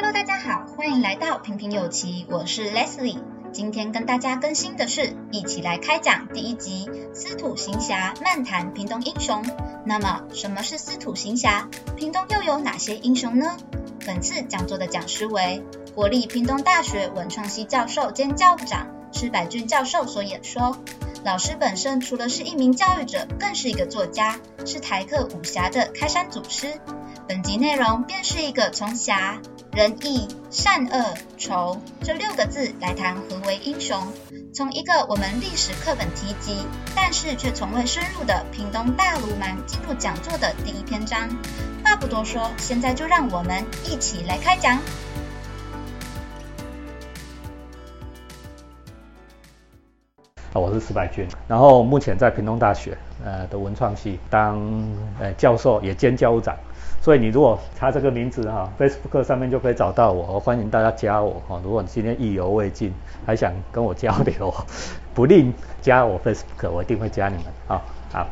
Hello，大家好，歡迎來到屏屏有奇，我是 Leslie。今天跟大家更新的是，藝起來開講第一集《斯土行俠漫談屏東英雄》。那麼，什麼是斯土行俠？屏東又有哪些英雄呢？本次講座的講師為國立屏東大學文創系教授兼教務長施百俊教授所演說。老師本身除了是一名教育者，更是一個作家，是台客武俠的開山祖師。本集內容便是一個從俠、仁、義、善、惡、仇這六個字來談何為英雄，從一個我們歷史課本提及，但是卻從未深入的屏東大鱸鰻進入講座的第一篇章。話不多說，現在就讓我們一起來開講。啊，我是施百俊，然後目前在屏東大學呃的文創系當呃教授，也兼教務長。所以你如果查這個名字哈，Facebook 上面就可以找到我，歡迎大家加我哈。如果你今天意猶未盡，還想跟我交流，不吝加我 Facebook，我一定會加你們。好，好，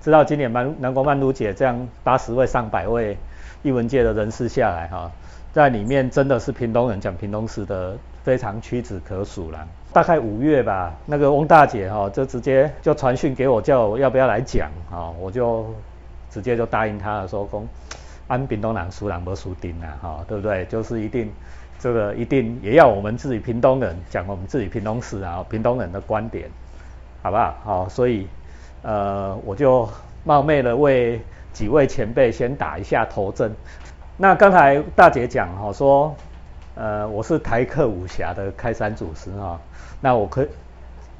知道今年南南國曼都姐這樣八十位上百位藝文界的人士下來哈，在裡面真的是屏東人講屏東話的非常屈指可數了。大概五月吧，那個翁大姐哈就直接就傳訊給我，叫我要不要來講啊，我就。直接就答應他的說，公安屏東人，輸人不輸丁啊，哈、哦，對不對？就是一定這個一定也要我們自己屏東人講我們自己屏東史啊，屏東人的觀點，好不好？好、哦，所以呃我就冒昧的為幾位前輩先打一下頭陣。那剛才大姐講哈、哦、說，呃我是台客武俠的開山祖師啊，那我可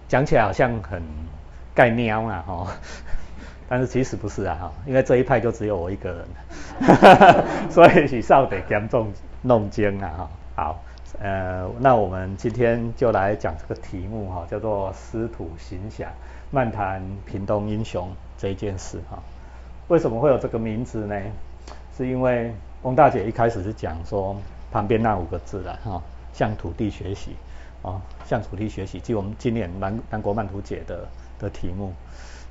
講起來好像很蓋喵啊，哈、哦。但是其實不是啊哈，因為這一派就只有我一個人， 所以許少得嚴重弄僵啊哈。好，呃，那我們今天就來講這個題目哈、啊，叫做《斯土行俠漫談屏東英雄》這一件事哈、啊。為什麼會有這個名字呢？是因為翁大姐一開始是講說旁邊那五個字了哈，向土地學習啊，向土地學習，即我們今年南南國漫讀節的的題目。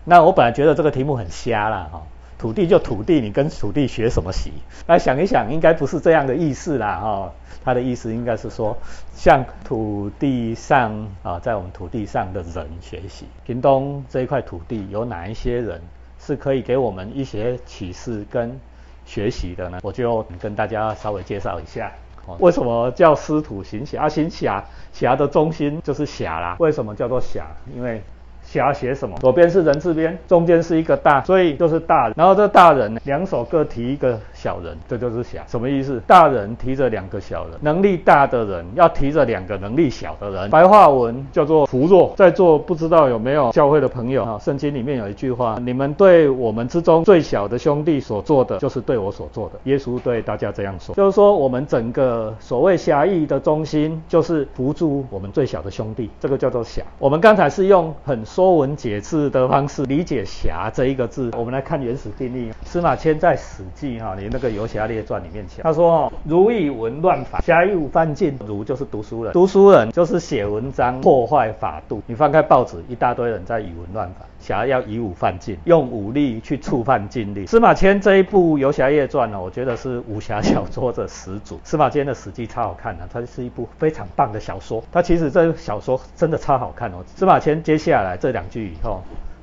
那我本來覺得這個題目很瞎啦、哦，哈，土地就土地，你跟土地學什麼習？來想一想，應該不是這樣的意思啦哈、哦。他的意思應該是說，向土地上啊，在我們土地上的人學習。屏東這一塊土地有哪一些人是可以給我們一些啟示跟學習的呢？我就跟大家稍微介紹一下。為什麼叫斯土行俠、啊？行俠俠的中心就是俠啦。為什麼叫做俠？因為。想要寫什麼？左邊是人字邊，中間是一個大，所以就是大人。然後這大人呢，兩手各提一個小人，這就是俠，什麼意思？大人提着兩個小人，能力大的人要提着兩個能力小的人。白話文叫做扶弱。在座不知道有沒有教會的朋友啊？聖經裡面有一句話：“你們對我們之中最小的兄弟所做的，就是對我所做的。”耶穌對大家這樣說，就是說我們整個所謂俠義的中心，就是扶助我們最小的兄弟。這個叫做俠。我們剛才是用很說文解字的方式理解“俠”這一個字。我們來看原始定義。司馬遷在《史記》哈，你那個《遊俠列傳》裡面講，他說：“儒以文亂法，俠以武犯禁。儒就是讀書人，讀書人就是寫文章破壞法度。你翻開報紙，一大堆人在以文亂法。俠要以武犯禁，用武力去觸犯禁令。”司馬遷這一部《遊俠列傳》呢，我覺得是武俠小說的始祖。司馬遷的史記超好看呢、啊，它是一部非常棒的小說。它其實這小說真的超好看哦。司馬遷接下來這兩句以後。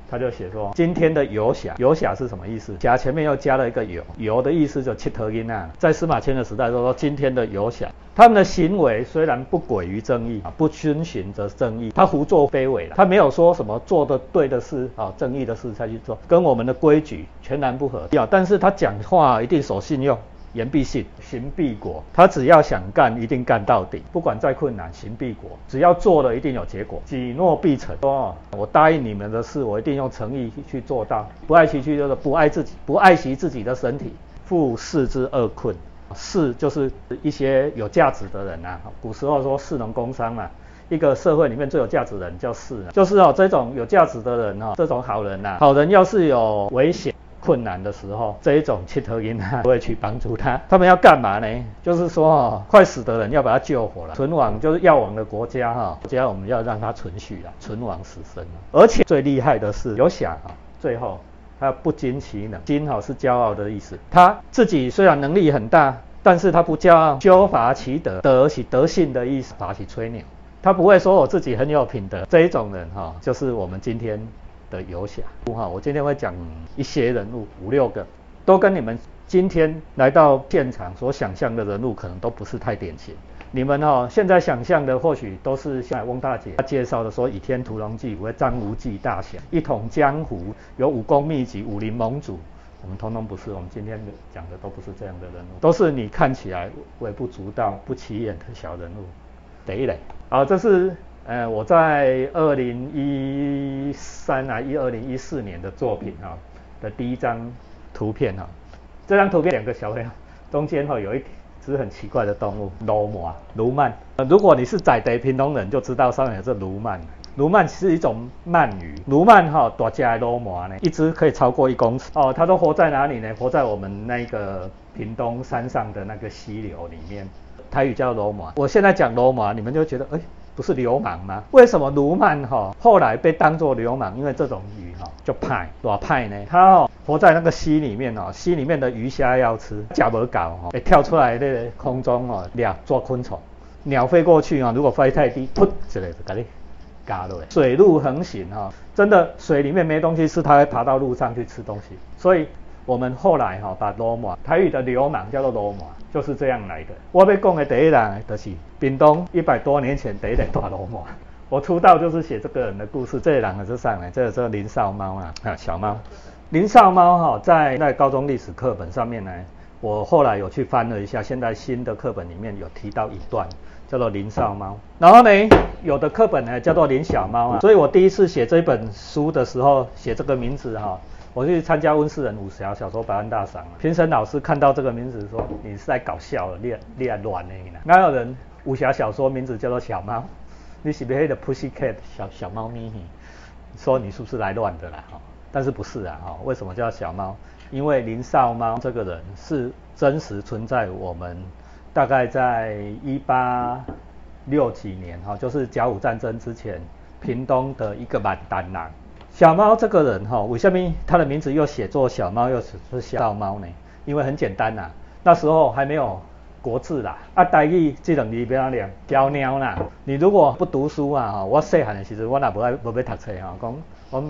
他就寫說，今天的遊俠，遊俠是什麼意思？俠前面又加了一個遊，遊的意思就七逃囝仔啊。在司馬遷的時代，他說今天的遊俠，他們的行為雖然不軌於正義，不遵循着正義，他胡作非為，他沒有說什麼做的對的事啊，正義的事才去做，跟我們的規矩全然不合理。但是他講話一定守信用。言必信，行必果。他只要想幹，一定幹到底。不管再困難，行必果。只要做了，一定有結果。已諾必誠。說哦，我答應你們的事，我一定用誠意去做到。不愛其軀，就是不愛自己，不愛惜自己的身體。赴士之厄困，士就是一些有價值的人吶、啊。古時候說士農工商啊，一個社會裡面最有價值的人叫士、啊，就是哦這種有價值的人哦、啊，這種好人吶、啊。好人要是有危險。困難的時候，這一種氣頭鷹啊，不會去幫助他。他們要幹嘛呢？就是說，哦、快死的人要把他救活了。存亡就是要亡的國家，哈、哦，國家我們要讓它存續了。存亡死生，而且最厲害的是有想最後他不矜其能，矜好，是驕傲的意思。他自己雖然能力很大，但是他不驕傲，羞伐其德，德且德性的意思，伐起吹牛。他不會說我自己很有品德。這一種人哈、哦，就是我們今天。的遊俠，我今天會講一些人物，五六個，都跟你們今天來到現場所想象的人物可能都不是太典型。你們哦，現在想象的或許都是像翁大姐她介紹的說《倚天屠龍記》裡面張無忌大俠，一統江湖，有武功秘籍，武林盟主，我們通通不是，我們今天講的都不是這樣的人物，都是你看起來微不足道、不起眼的小人物，得一對？啊，這是。呃，我在二零一三啊，一二零一四年的作品哈、啊、的第一張圖片哈、啊，這張圖片兩個小朋友中間哈有一隻很奇怪的動物，鱸鰻、鱸鰻、呃。如果你是在地屏東人，就知道上面有隻鱸鰻。鱸鰻其實是一種鰻魚，鱸鰻哈多加鱸鰻呢，一隻可以超過一公尺。哦，它都活在哪裡呢？活在我們那個屏東山上的那個溪流裡面，台語叫鱸鰻。我現在講鱸鰻，你們就覺得哎。欸不是流氓嗎？為什麼鱸鰻哈、哦、後來被當作流氓？因為這種魚哈就派，哪派呢？它哦活在那個溪裡面哦，溪裡面的魚蝦要吃，吃不夠，哦，會跳出來在空中哦抓昆蟲，鳥飛過去啊、哦，如果飛太低，噗，這裡嘎了。水陸橫行啊、哦，真的水裡面沒東西吃，它會爬到路上去吃東西，所以。我們後來哈把鱸鰻，台語的流氓叫做鱸鰻，就是這樣來的。我要講的第一人就是屏東一百多年前第一人大鱸鰻。我出道就是寫這個人的故事，這一人是啥呢？這個、是林少貓啊，小貓。林少貓哈在在高中歷史課本上面呢，我後來有去翻了一下，現在新的課本裡面有提到一段叫做林少貓，然後呢，有的課本呢叫做林小貓啊，所以我第一次寫這本書的時候寫這個名字哈。我去參加溫世仁武俠小說百萬大賞了。評審老師看到這個名字說：“你是在搞笑了，你你亂呢？”哪有人武俠小說名字叫做小貓？你是不是那個 pussycat？小，小貓咪。說你，是，不是來亂的啦？但是不是啊？為什麼叫小貓？因為林少貓這個人是真實存在，我們大概在一八六幾年，哈，就是甲午戰爭之前，屏東的一個萬丹人。小貓這個人哈，為蝦米他的名字又寫作小貓，又寫做小貓呢，因為很簡單吶、啊，那時候還沒有國字啦，啊，台語這種字不要念嬌貓啦。你如果不讀書啊，我細漢的時候我也不愛，不欲讀冊啊講，我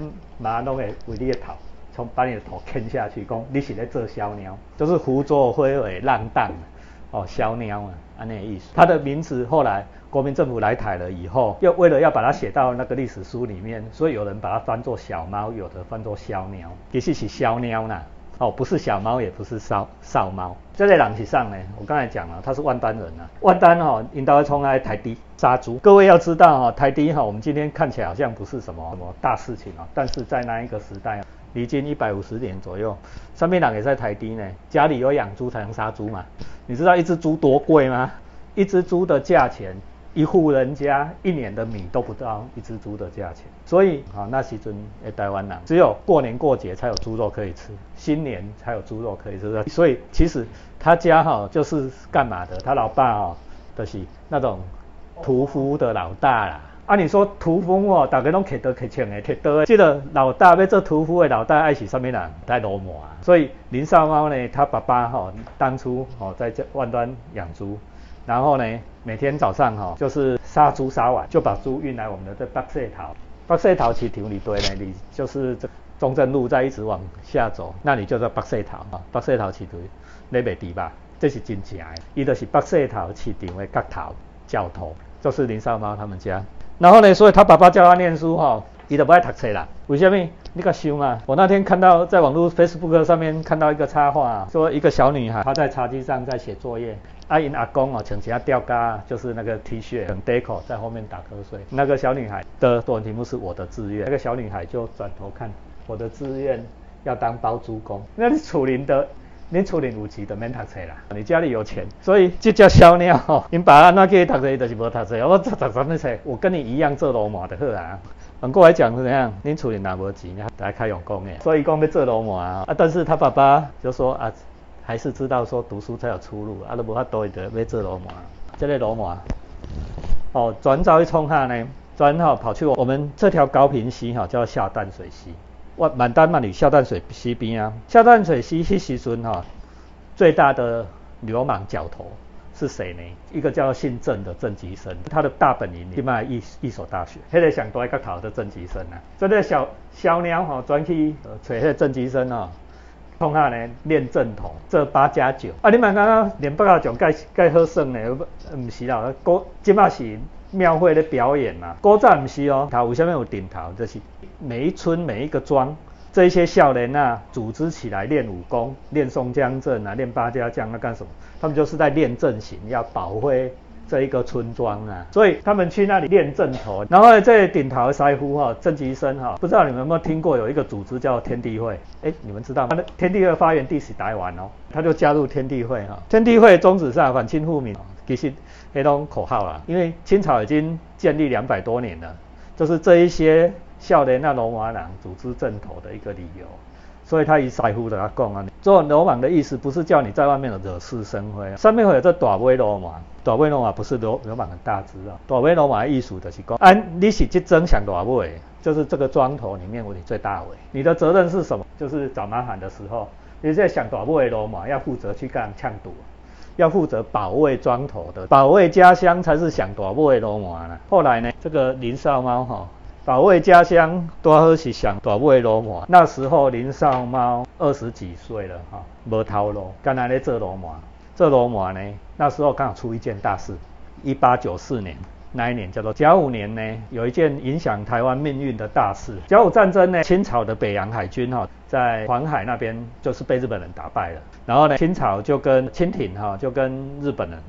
媽都會為你的頭，從把你的頭砍下去，講你是咧做小鳥，就是胡作非為浪、浪蕩。哦，梟鳥啊，啊那個意思。他的名字後來國民政府來台了以後，又為了要把它寫到那個歷史書裡面，所以有人把它翻作小貓，有的翻作梟鳥，其實是梟鳥吶、啊。哦，不是小貓，也不是騷騷貓。這在歷史上呢，我剛才講了，他是萬丹人啊。萬丹哈、哦，引導他從來台滴殺豬。各位要知道哈、哦，台滴哈、哦，我們今天看起來好像不是什麼什麼大事情啊、哦，但是在那一個時代。離今一百五十年左右，上面那也在台低呢。家裡有養豬才能殺豬嘛？你知道一只豬多貴嗎？一只豬的價錢，一戶人家一年的米都不到一只豬的價錢。所以啊、哦，那時陣、台灣人只有過年過節才有豬肉可以吃，新年才有豬肉可以吃。所以其實他家哈、哦、就是幹嘛的？他老爸啊、哦，就是那種屠夫的老大啦。啊，你說屠夫哦，大家攏騎刀騎槍的，騎刀的。記得老大被這屠夫的老大愛死啥物人？帶老滿啊。所以林少貓呢，他爸爸吼、哦、當初吼、哦、在這萬丹養豬，然後呢，每天早上吼、哦、就是殺豬殺完就把豬運來我們的這百歲桃，百歲桃市場裡堆呢，你就是這中正路在一直往下走，那裡就叫做百歲頭啊。百歲頭市場你袂知吧？這是真正的，伊就是百歲桃市場的角頭角頭，就是林少貓他們家。然後呢？所以他爸爸叫他念書哈，你、哦、都不愛讀書啦。為什麼？你個想啊！我那天看到在網絡 Facebook 上面看到一個插畫，說一個小女孩她在茶幾上在寫作業，阿、啊、英阿公哦，穿起阿吊嘎，就是那個 T 恤很 deco，在後面打瞌睡。那個小女孩的作文題目是我的志願，那個小女孩就轉頭看我的志願要當包租公，那是楚林的。你初齡無錢，就免讀書啦。你家裡有錢，所以就叫小鳥吼。你爸那去讀冊，你就是無讀冊。我讀讀什麼冊？我跟你一樣做羅馬的好啦。反過來講是怎樣？您初齡拿無錢，來開永工。所以講要做羅馬啊。但是他爸爸就說啊，還是知道說讀書才有出路。啊，都無法多會的要做羅馬。這個羅馬哦，轉早一沖下呢，轉好跑去我們這條高屏溪叫下淡水溪。我萬丹萬你，下淡水溪邊啊，下淡水溪西西村哈，最大的流氓角頭是誰呢？一個叫姓鄭的鄭吉生，他的大本營佇賣一一所大學，現、那個、在想一個考的鄭吉生啊，所、這、以、個、小小貓哈轉、哦、去揣迄鄭吉生啊，當下、哦、呢練陣頭，做八加九啊，你們剛剛連八加九該該喝剩呢？不了，唔是啦，是。廟會的表演嘛，歌讚不是哦，它為下面有頂頭？這、就是每一村每一個莊，這一些少年啊，組織起來練武功，練宋江陣啊，練八家將啊，幹什麼？他們就是在練陣型，要保衛這一個村莊啊。所以他們去那裡練陣頭，然後在、這個、頂頭曬呼哈，振旗聲哈。不知道你們有沒有聽過，有一個組織叫天地會，哎，你們知道嗎？他天地會發源地是台灣哦，他就加入天地會哈、哦。天地會宗旨是、啊、反清復明，哦、其實。那種口號了，因為清朝已經建立兩百多年了，就是這一些少年的鱸鰻郎組織政投的一個理由，所以他一在乎的啊講啊，做鱸鰻的意思不是叫你在外面惹事生非，上面會有這大尾鱸鰻，大尾鱸鰻不是羅鱸鰻很大只啊，大尾鱸鰻的意思就是講，哎、啊，你是去爭想大尾，就是這個莊頭裡面你最大尾，你的責任是什麼？就是找麻煩的時候，你在想大尾鱸鰻要負責去幹搶賭。要負責保衛莊頭的，保衛家鄉才是上大尾的鱸鰻呢，後來呢，這個林少貓哈，保衛家鄉多喝是上大尾的鱸鰻，那時候林少貓二十幾歲了哈，無頭路，剛來呢做鱸鰻，做鱸鰻呢，那時候剛好出一件大事，一八九四年。那一年叫做甲午年呢，有一件影響台灣命運的大事。甲午戰爭呢，清朝的北洋海軍哈、哦、在黃海那邊就是被日本人打敗了。然後呢，清朝就跟清廷哈就跟日本人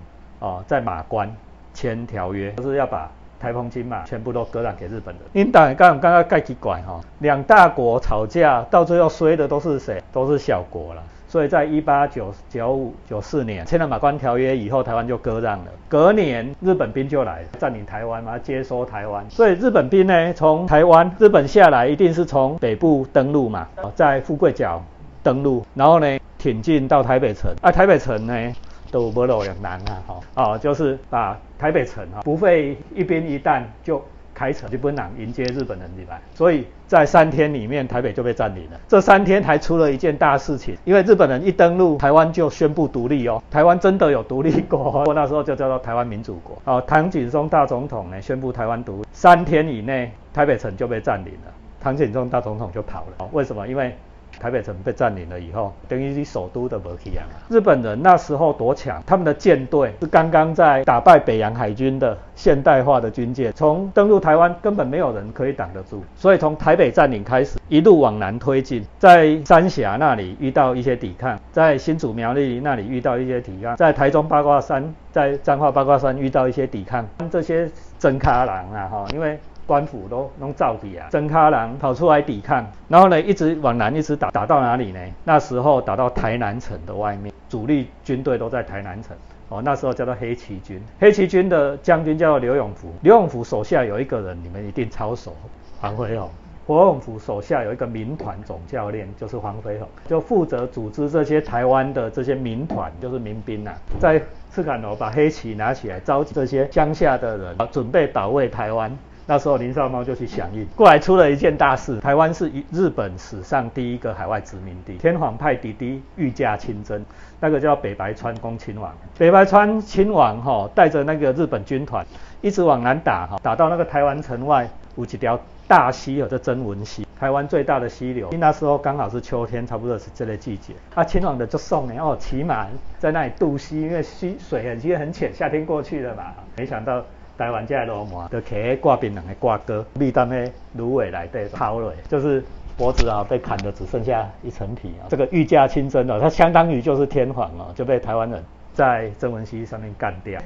哦在馬關簽條約，就是要把台澎、金馬全部都割讓給日本人。嗯、你等剛剛剛剛蓋幾拐哈，兩大國吵架到最後衰的都是誰？都是小國了。所以在一八九九五九四年《簽了馬關條約》以後，台灣就割讓了。隔年，日本兵就來占領台灣嘛，然後接收台灣。所以日本兵呢，從台灣日本下來，一定是從北部登陸嘛，在富貴角登陸，然後呢挺進到台北城啊。台北城呢，都不容也難啊，哦，就是把台北城啊，不費一兵一彈就。開城就不能迎接日本人進來，所以在三天裡面，台北就被占領了。這三天還出了一件大事情，因為日本人一登陸台灣就宣布獨立哦，台灣真的有獨立國，那時候就叫做台灣民主國。哦，唐景崧大總統呢，宣布台灣獨立，三天以內台北城就被占領了，唐景崧大總統就跑了。哦，為什麼？因為台北城被佔領了以後，等於你首都的北起啊。日本人那時候多強，他們的艦隊是剛剛在打敗北洋海軍的現代化的軍艦，從登陸台灣根本沒有人可以擋得住。所以從台北佔領開始，一路往南推進，在三峽那裡遇到一些抵抗，在新竹苗栗那裡遇到一些抵抗，在台中八卦山，在彰化八卦山遇到一些抵抗，這些真喀狼啊哈，因為。官府都弄造反啊，征喀蘭跑出來抵抗，然後呢，一直往南，一直打，打到哪裡呢？那時候打到台南城的外面，主力軍隊都在台南城。哦，那時候叫做黑旗軍，黑旗軍的將軍叫做劉永福，劉永福手下有一個人，你們一定超熟，黃飛鴻。劉永福手下有一個民團總教練，就是黃飛鴻，就負責組織這些台灣的這些民團，就是民兵啊，在赤崁樓把黑旗拿起來，召集這些鄉下的人準備保衛台灣。那時候林少貓就去響應過來，出了一件大事。台灣是日日本史上第一個海外殖民地，天皇派弟弟御駕親征，那個叫北白川恭親王。北白川親王吼、哦、帶着那個日本軍團，一直往南打哈，打到那個台灣城外有一條大溪，有叫曾文溪，台灣最大的溪流。因那時候剛好是秋天，差不多是這類季節，他、啊、親王的就送你哦，騎馬在那裡渡溪，因爲溪水很因很淺，夏天過去了嘛，沒想到。台灣進來的話，就放喺掛冰人的掛鈎，用當個蘆葦來對掏的，就是脖子啊被砍得只剩下一層皮啊。這個御駕親征的，他相當於就是天皇了，就被台灣人在曾文溪上面幹掉。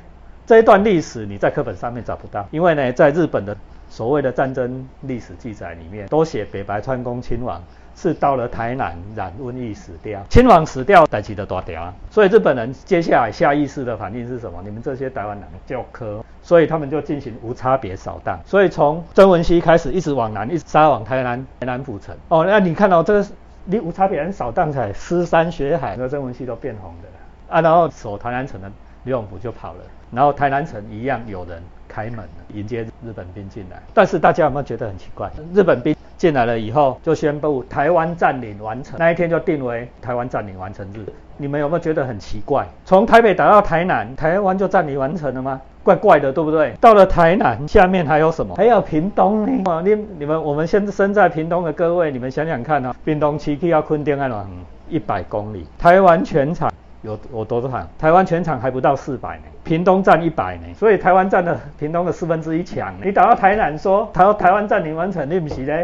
這一段歷史你在課本上面找不到，因為呢，在日本的所謂的戰爭歷史記載裡面，都寫北白川宮親王。是到了台南染瘟疫死掉，親王死掉，代誌大條，所以日本人接下來下意識的反應是什麼？你們這些台灣人就科，所以他們就進行無差別掃蕩，所以從曾文溪開始，一直往南，一直殺往台南、台南府城。哦，那、啊、你看到、哦、這個，你無差別人掃蕩來，屍山血海，那個曾文溪都變紅的啊，然後守台南城的劉永福就跑了，然後台南城一樣有人開門迎接日本兵進來，但是大家有沒有覺得很奇怪？日本兵。進來了以後，就宣布台灣佔領完成，那一天就定為台灣佔領完成日。你們有沒有覺得很奇怪？從台北打到台南，台灣就佔領完成了嗎？怪怪的，對不對？到了台南下面還有什麼？還有屏東呢？哇、哦，你你們我們現在身在屏東的各位，你們想想看啊、哦，屏東七區要墾丁，安南一百公里，台灣全場有我多少場？台灣全場還不到四百呢，屏東佔一百呢，所以台灣佔了屏東的四分之一強，你打到台南說，說台灣台灣佔領完成，對不起呢？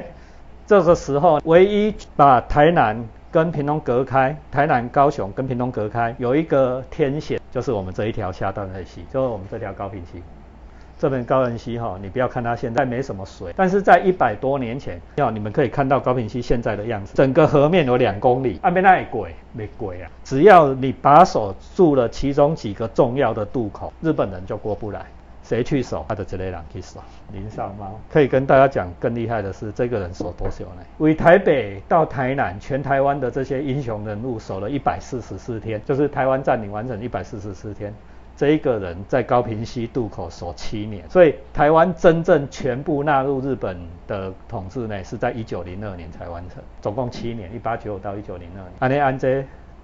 這個時候，唯一把台南跟屏東隔開，台南高雄跟屏東隔開，有一個天險，就是我們這一條下淡水溪，就是我們這條高屏溪。這邊高屏溪哈，你不要看它現在沒什麼水，但是在一百多年前，要你們可以看到高屏溪現在的樣子，整個河面有兩公里，那邊那一鬼沒鬼啊，只要你把守住了其中幾個重要的渡口，日本人就過不來。誰去守？他的這類人去守。林少貓可以跟大家講，更厲害的是，這個人守多久呢？從台北到台南，全台灣的這些英雄人物守了一百四十四天，就是台灣占領完成一百四十四天。這一個人在高屏溪渡口守七年，所以台灣真正全部納入日本的統治呢，是在一九零二年才完成，總共七年，一八九五到一九零二年。安尼安這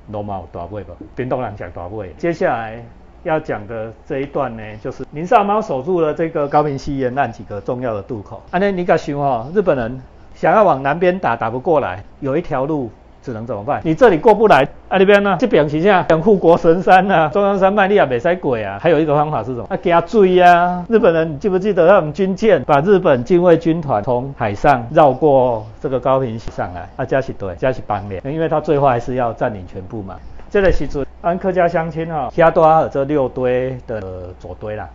羅馬、這個、有大杯不？邊度人食大接下來。要講的這一段呢，就是林少貓守住了這個高屏溪沿岸幾個重要的渡口。啊，那你敢想哈？日本人想要往南邊打，打不過來，有一條路只能怎麼辦？你這裡過不來，啊那邊呢？就比如下在，像護國神山啊，中央山脈，你啊沒在鬼啊。還有一個方法是什麼？啊給他追啊！日本人，記不記得那種軍艦，把日本近衛軍團從海上繞過這個高屏溪上來？啊加許多，加是幫臉，因爲他最後還是要佔領全部嘛。這個時陣，按客家鄉親哈，佳冬爾這六堆的左堆啦，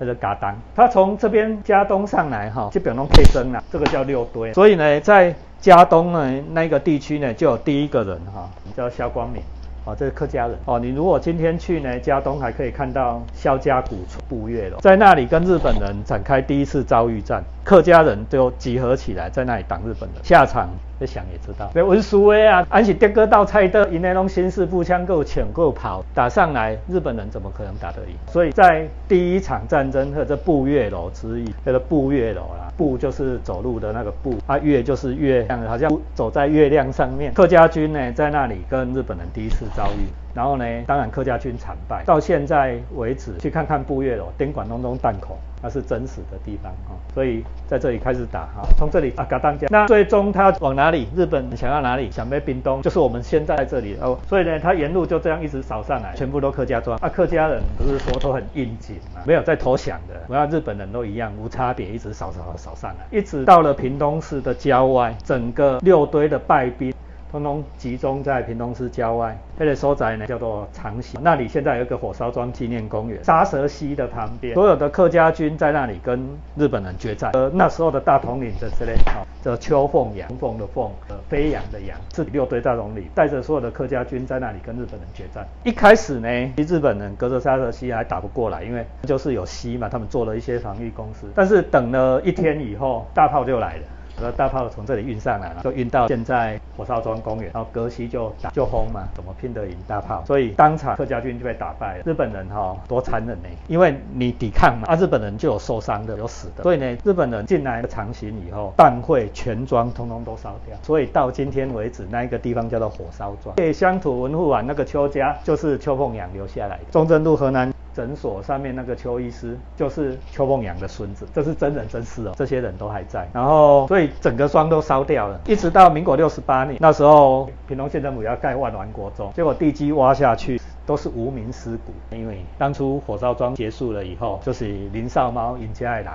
叫做佳冬。他從這邊佳冬上來哈，就表弄配增了，這個叫六堆。所以呢，在佳冬呢那個地區呢，就有第一個人哈，叫蕭光明啊，這是客家人哦。你如果今天去呢，佳冬還可以看到蕭家古厝步月樓，在那裡跟日本人展開第一次遭遇戰。客家人就集合起來，在那裡擋日本人，下場一想也知道。那文殊威啊，安是電哥到菜的以內攏新式步槍夠搶夠跑，打上來，日本人怎麼可能打得贏？所以在第一場戰爭或者這步月樓之役，叫做步月樓啦。步就是走路的那個步，啊月就是月，好像走在月亮上面。客家軍呢，在那裡跟日本人第一次遭遇，然後呢，當然客家軍慘敗。到現在為止，去看看步月樓，電管當中彈孔。它是真實的地方啊，所以在這裡開始打哈，從這裡啊嘎當家，那最終它往哪裡？日本想要哪裡？想被屏東，就是我們現在在這裡哦。所以呢，它沿路就這樣一直掃上來，全部都客家莊啊，客家人不是說都很硬頸嗎？沒有在投降的，我要日本人都一樣無差別一直掃掃掃掃上來，一直到了屏東市的郊外，整個六堆的敗兵，通通集中在屏東市郊外，那個所在呢叫做長興，那裡現在有一個火燒莊紀念公園，沙蛇溪的旁邊，所有的客家軍在那裡跟日本人決戰。呃，那時候的大統領是秋鳳鳳的是咧，叫邱鳳揚，鳳的鳳，飛揚的揚，是六堆大統領，帶着所有的客家軍在那裡跟日本人決戰。一開始呢，日本人隔着沙蛇溪還打不過來，因為就是有溪嘛，他們做了一些防禦工事。但是等了一天以後，大炮就來了。那大炮從這裡運上來了，就運到現在火燒莊公園，然後隔西就打就轟嘛，怎麼拼得贏大炮？所以當場客家軍就被打敗了。日本人哈、哦、多殘忍呢、欸，因為你抵抗嘛，啊日本人就有受傷的，有死的。所以呢，日本人進來長行以後，彈會全莊通通都燒掉。所以到今天為止，那一個地方叫做火燒莊。所以鄉土文物啊那個邱家就是邱鳳陽留下來的，中正路河南。診所上面那個邱醫師就是邱夢陽的孫子，這是真人真事哦，這些人都還在。然後，所以整個莊都燒掉了，一直到民國六十八年，那時候屏東縣政府要蓋萬巒國中，結果地基挖下去都是無名屍骨，因為當初火燒莊結束了以後，就是林少貓迎接愛蘭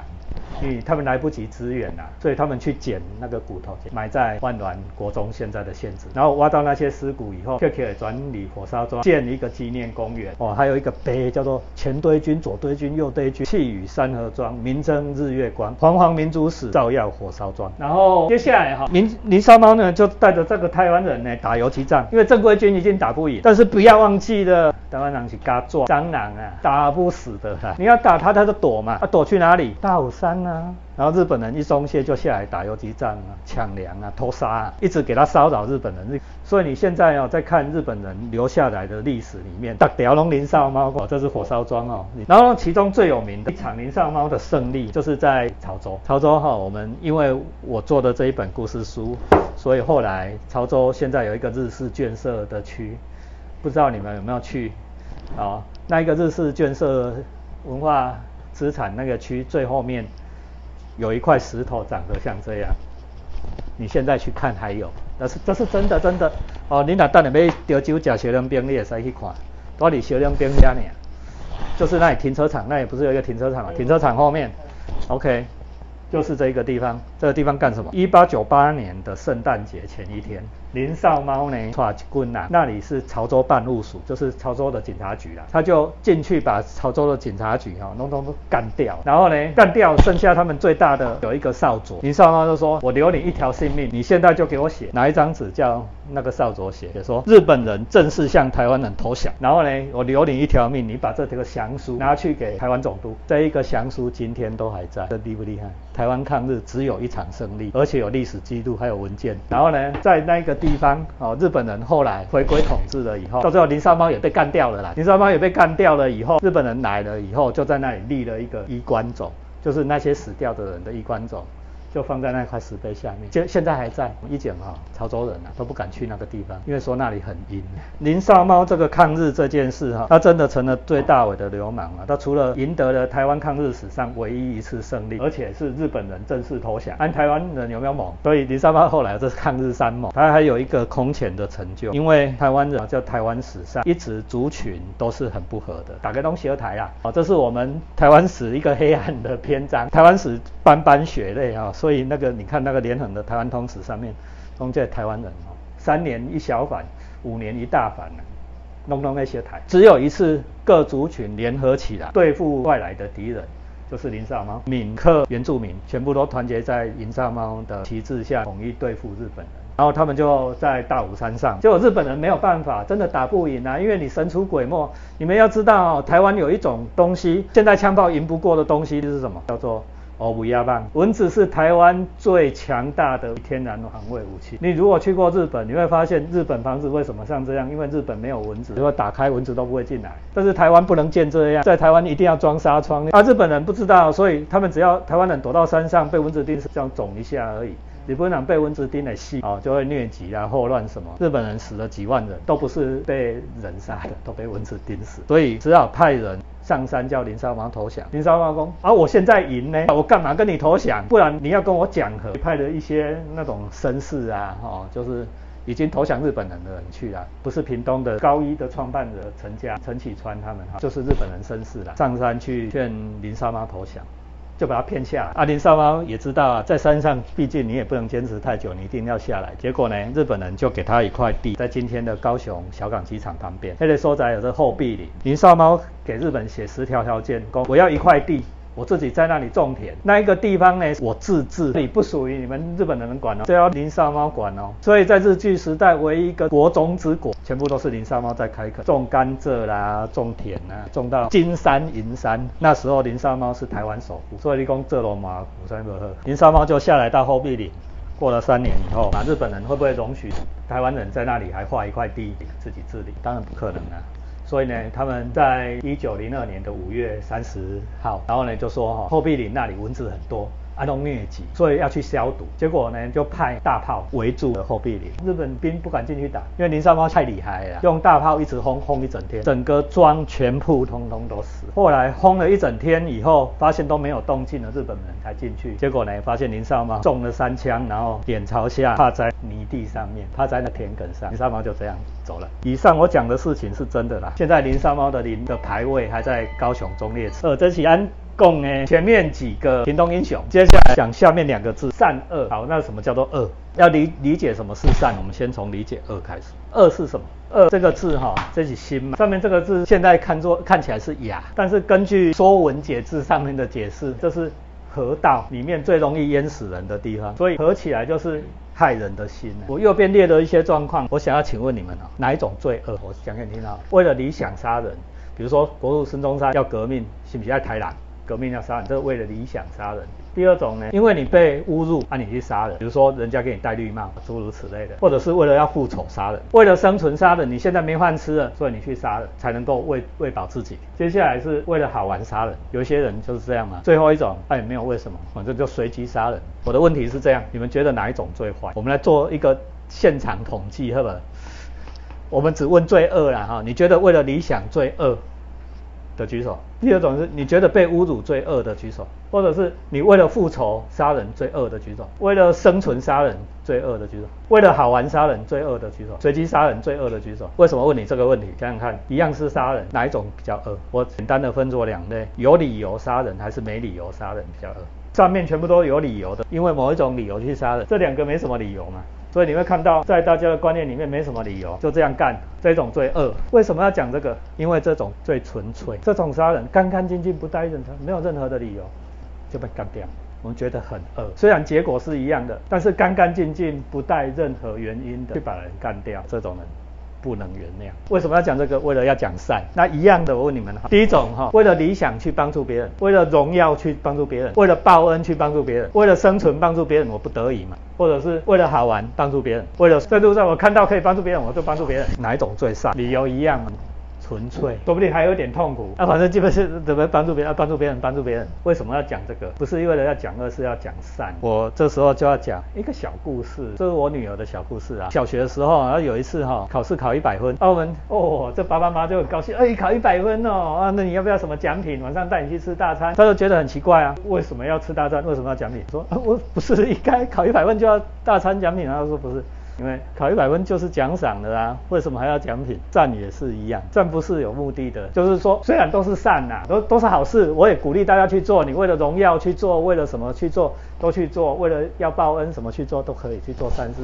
你、嗯、他們來不及支援了、啊，所以他們去撿那個骨頭，埋在萬巒國中現在的現址。然後挖到那些屍骨以後，就轉李火燒莊建一個紀念公園。哦，還有一個碑叫做“前堆軍、左堆軍、右堆軍，氣宇山河壯，民爭日月光，煌煌民族史，照耀火燒莊”。然後接下來哈，民林少貓呢就帶着這個台灣人呢打游擊戰，因為正規軍已經打不贏。但是不要忘記了，台灣人是蟑螂啊，打不死的哈，你要打他，他就躲嘛，他、啊、躲去哪裡？大武山、啊。啊，然後日本人一鬆懈就下來打游擊戰啊，搶糧啊，偷殺啊，一直給他騷擾日本人。所以你現在啊、哦，在看日本人留下來的歷史裡面，大條龍林少貓，哦，這是火燒莊哦。然後其中最有名的一場林少貓的勝利，就是在潮州。潮州哈，哦，我們因為我做的這一本故事書，所以後來潮州現在有一個日式眷舍的區，不知道你們有沒有去啊，哦？那一個日式眷舍文化資產那個區最後面，有一塊石頭長得像這樣，你現在去看還有，但是這是真的真的哦。你哪到你妹得舊甲學院邊列你也可以去看，到底學院邊家呢？就是那裡停車場，那裡不是有一個停車場，停車場後面，OK，就是這一個地方。嗯、這個地方幹什麼？一八九八年的聖誕節前一天，林少貓呢抓一棍，那裡是潮州辦務署，就是潮州的警察局啦。他就進去把潮州的警察局哈、喔，通通都幹掉。然後呢，幹掉剩下他們最大的有一個少佐，林少貓就說：“我留你一條性命，你現在就給我寫，拿一張紙叫那個少佐寫，也說日本人正式向台灣人投降。然後呢，我留你一條命，你把這這個降書拿去給台灣總督。這一個降書今天都還在，這厲不厲害？台灣抗日只有一場勝利，而且有歷史記錄，還有文件。然後呢，在那個。地方哦，日本人後來回歸統治了以後，到最後林少貓也被幹掉了啦。林少貓也被幹掉了以後，日本人來了以後，就在那裡立了一個衣冠冢，就是那些死掉的人的衣冠冢。就放在那塊石碑下面，就現在還在。一講啊、哦，潮州人啊都不敢去那個地方，因為說那裡很陰。林少貓這個抗日這件事哈、啊，他真的成了最大尾的流氓啊。他除了贏得了台灣抗日史上唯一一次勝利，而且是日本人正式投降，按台灣人有沒有猛？所以林少貓後來這是抗日三猛，他還有一個空前的成就，因為台灣人、啊、叫台灣史上一直族群都是很不合的。打開東西和台啊，啊、哦，這是我們台灣史一個黑暗的篇章，台灣史斑斑血淚啊。所以那個你看那個連橫的台灣通史上面，中介台灣人三年一小反，五年一大反弄弄那些台。只有一次各族群聯合起來對付外來的敵人，就是林少貓、閩客原住民，全部都團結在林少貓的旗幟下，統一對付日本人。然後他們就在大武山上，結果日本人沒有辦法，真的打不贏啊，因為你神出鬼沒。你們要知道、哦，台灣有一種東西，現在槍炮贏不過的東西是什麼？叫做。哦，烏鴉棒，蚊子是台灣最強大的天然防衛武器。你如果去過日本，你會發現日本房子為什麼像這樣？因為日本沒有蚊子，如果打開蚊子都不會進來。但是台灣不能建這樣，在台灣一定要裝紗窗。啊，日本人不知道，所以他們只要台灣人躲到山上，被蚊子叮死，這樣腫一下而已。日本人被蚊子叮的細啊，就會瘧疾啊、霍亂什麼，日本人死了幾萬人，都不是被人殺的，都被蚊子叮死。所以只好派人。上山叫林少貓投降，林少貓說啊，我現在贏呢，我幹嘛跟你投降？不然你要跟我講和，派了一些那種紳士啊，哦，就是已經投降日本人的人去了，不是屏東的高一的創辦者陳家陳啟川他們哈，就是日本人紳士了，上山去勸林少貓投降。就把他騙下來。啊，林少貓也知道啊，在山上，畢竟你也不能堅持太久，你一定要下來。結果呢，日本人就給他一塊地，在今天的高雄小港機場旁邊，那個所在有這後壁林。林少貓給日本寫十條條件，說我要一塊地。我自己在那裡種田，那一個地方呢，我自治，所以不屬於你們日本人人管哦、喔，都要林少貓管哦、喔。所以在日據時代，唯一一個國中之國，全部都是林少貓在開墾，種甘蔗啦、啊，種田啊，種到金山銀山。那時候林少貓是台灣首富，所以立功這羅馬古三伯克，林少貓就下來到後壁里。過了三年以後，那日本人會不會容許台灣人在那裡還畫一塊地自己治理？當然不可能啊。所以呢，他們在一九零二年的五月三十號，然後呢就說哈，後壁嶺那裡蚊子很多。阿東瘧疾，所以要去消毒。結果呢，就派大炮圍住了後壁林，日本兵不敢進去打，因為林少貓太厲害了啦，用大炮一直轟轟一整天，整個莊全部通通都死。後來轟了一整天以後，發現都沒有動靜了，日本人才進去，結果呢，發現林少貓中了三槍，然後臉朝下趴在泥地上面，趴在那田埂上，林少貓就這樣走了。以上我講的事情是真的啦。現在林少貓的林的牌位還在高雄忠烈祠。呃，曾啟安。共呢，前面幾個屏東英雄，接下來講下面兩個字善惡。好，那什麼叫做惡？要理理解什麼是善，我們先從理解惡開始。惡是什麼？惡這個字哈、哦，這是心嘛。上面這個字現在看作看起來是雅，但是根據《說文解字》上面的解釋，這是河道裡面最容易淹死人的地方，所以合起來就是害人的心。我右邊列了一些狀況，我想要請問你們哦，哪一種最惡？我講給你聽啊，為了理想殺人，比如說國父孫中山要革命，是不是在台南？革命要殺人，這是為了理想殺人。第二種呢，因為你被侮辱，啊你去殺人，比如說人家給你戴綠帽，諸如此類的，或者是為了要復仇殺人，為了生存殺人，你現在沒飯吃了，所以你去殺人，才能夠餵餵飽自己。接下來是為了好玩殺人，有些人就是這樣嘛。最後一種，哎，沒有為什麼，反正就隨機殺人。我的問題是這樣，你們覺得哪一種最壞？我們來做一個現場統計，好不好？我們只問罪惡啦哈，你覺得為了理想罪惡？的舉手。第二種是，你覺得被侮辱最惡的舉手，或者是你為了復仇殺人最惡的舉手，為了生存殺人最惡的舉手，為了好玩殺人最惡的舉手，隨機殺人最惡的舉手。為什麼問你這個問題？想想看，一樣是殺人，哪一種比較惡？我簡單的分作兩類，有理由殺人還是沒理由殺人比較惡。上面全部都有理由的，因為某一種理由去殺人，這兩個沒什麼理由嘛。所以你會看到，在大家的觀念裡面，沒什麼理由就這樣幹，這種最惡。為什麼要講這個？因為這種最純粹，這種殺人乾乾淨淨，不帶任何，沒有任何的理由就被幹掉。我們覺得很惡，雖然結果是一樣的，但是乾乾淨淨，不帶任何原因的去把人幹掉，這種人。不能原諒。為什麼要講這個？為了要講善。那一樣的，我問你們哈，第一種哈，為了理想去幫助別人，為了榮耀去幫助別人，為了報恩去幫助別人，為了生存幫助別人，我不得已嘛，或者是為了好玩幫助別人，為了在路上我看到可以幫助別人，我就幫助別人，哪一種最善？理由一樣嗎？純粹，說不定還有點痛苦啊，反正基本是怎麼幫助別人，幫助別人、啊、幫助別人，幫助別人。為什麼要講這個？不是因為要講二，是要講善。我這時候就要講一個小故事，就是我女兒的小故事啊。小學的時候，然後有一次哈、哦，考試考一百分，啊我們哦，這爸爸媽媽就很高興，哎，考一百分哦，啊、那你要不要什麼獎品？晚上帶你去吃大餐？她就覺得很奇怪啊，為什麼要吃大餐？為什麼要獎品？說、啊、我不是應該考一百分就要大餐獎品？她說不是。因為考一百分就是獎賞的啦、啊，為什麼還要獎品？善也是一樣，善不是有目的的，就是說，雖然都是善吶、啊，都都是好事，我也鼓勵大家去做。你為了榮耀去做，為了什麼去做，都去做。為了要報恩什麼去做，都可以去做善事。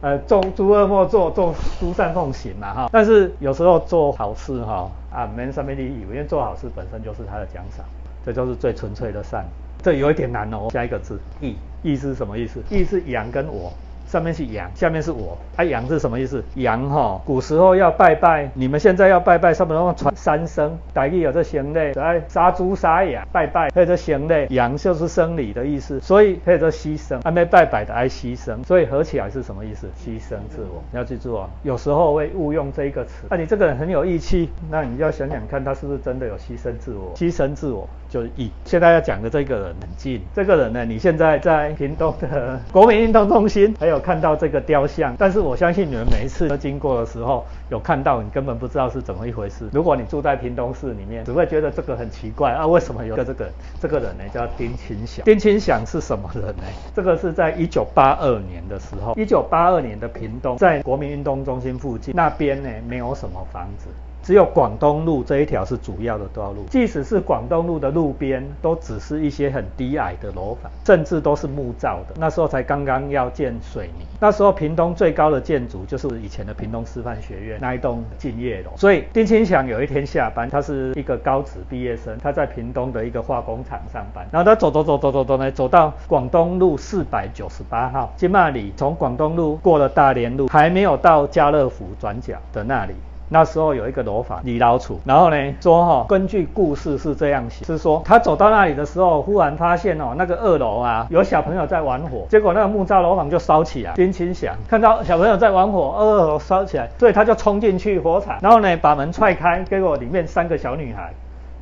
呃，種諸惡莫作，眾諸善奉行嘛哈。但是有時候做好事哈、哦，啊沒什麼利益，因為做好事本身就是他的獎賞，這就是最純粹的善。這有一點難哦，加一個字，義。義是什麼意思？義是羊跟我。上面是羊，下面是我。哎、啊，羊是什麼意思？羊哈、哦，古時候要拜拜，你們現在要拜拜，上面不多傳三牲。戴笠有這行為，哎，殺豬殺羊，拜拜，配這行為。羊就是牲禮的意思，所以配這犧牲。還、啊、沒拜拜的，哎，犧牲。所以合起來是什麼意思？犧牲自我，你要記住啊、哦，有時候會誤用這一個詞。那、啊、你這個人很有義氣，那你要想想看他是不是真的有犧牲自我，犧牲自我。就是以現在要講的這個人，很近。這個人呢，你現在在屏東的國民運動中心，還有看到這個雕像，但是我相信你們每一次都經過的時候，有看到你根本不知道是怎麼一回事。如果你住在屏東市裡面，只會覺得這個很奇怪啊，為什麼有個這個這個人，這個人呢？叫丁清祥。丁清祥是什麼人呢？這個是在一九八二年的時候，一九八二年的屏東，在國民運動中心附近那邊呢，沒有什麼房子。只有廣東路這一條是主要的道路，即使是廣東路的路邊，都只是一些很低矮的樓房，甚至都是木造的。那時候才剛剛要建水泥。那時候屏東最高的建築就是以前的屏東師範學院那一棟敬業樓。所以丁清祥有一天下班，他是一個高職畢業生，他在屏東的一個化工廠上班，然後他走走走走走走呢，走到廣東路四百九十八號，金馬里，從廣東路過了大連路，還沒有到家樂福轉角的那裡。那時候有一個樓房，李老楚，然後呢說哈、哦，根據故事是這樣寫，是說他走到那裡的時候，忽然發現哦，那個二樓啊，有小朋友在玩火，結果那個木造樓房就燒起來，天晴響，看到小朋友在玩火，二樓燒起來，所以他就衝進去火場，然後呢把門踹開，結果裡面三個小女孩，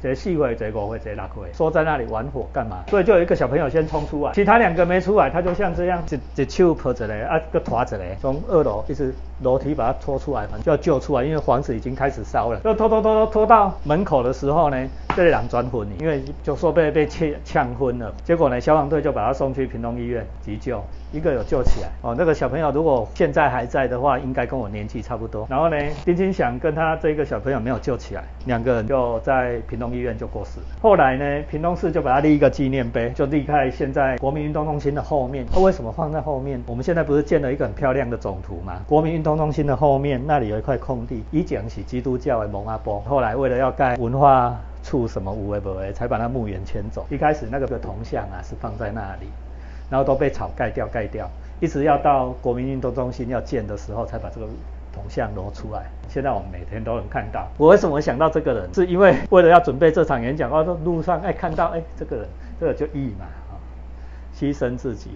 賊細微誰果會，賊拉個說在那裡玩火幹嘛？所以就有一個小朋友先衝出來，其他兩個沒出來，他就像這樣一一手抱一個，啊，個拖一個，從二樓一直。樓梯把它拖出來，反正就要救出來，因為房子已經開始燒了。就拖拖拖拖拖到門口的時候呢，這兩磚昏，因為就說被被嗆嗆昏了。結果呢，消防隊就把他送去屏東醫院急救，一個有救起來。哦，那個小朋友如果現在還在的話，應該跟我年紀差不多。然後呢，丁金祥跟他這個小朋友沒有救起來，兩個人就在屏東醫院就過世了。後來呢，屏東市就把他立一個紀念碑，就立在現在國民運動中心的後面。他、哦、為什麼放在後面？我們現在不是建了一個很漂亮的總圖嘛？國民運動東中心的後面，那裡有一塊空地，以講起基督教的蒙阿波。後來為了要蓋文化處什麼五哎不哎，才把那墓園遷走。一開始那個銅像啊是放在那裡，然後都被草蓋掉蓋掉，一直要到國民運動中心要建的時候，才把這個銅像挪出來。現在我們每天都能看到。我為什麼想到這個人？是因為為了要準備這場演講，哦，路上哎看到哎、欸、這個人，這就、個、義嘛，犧牲自己。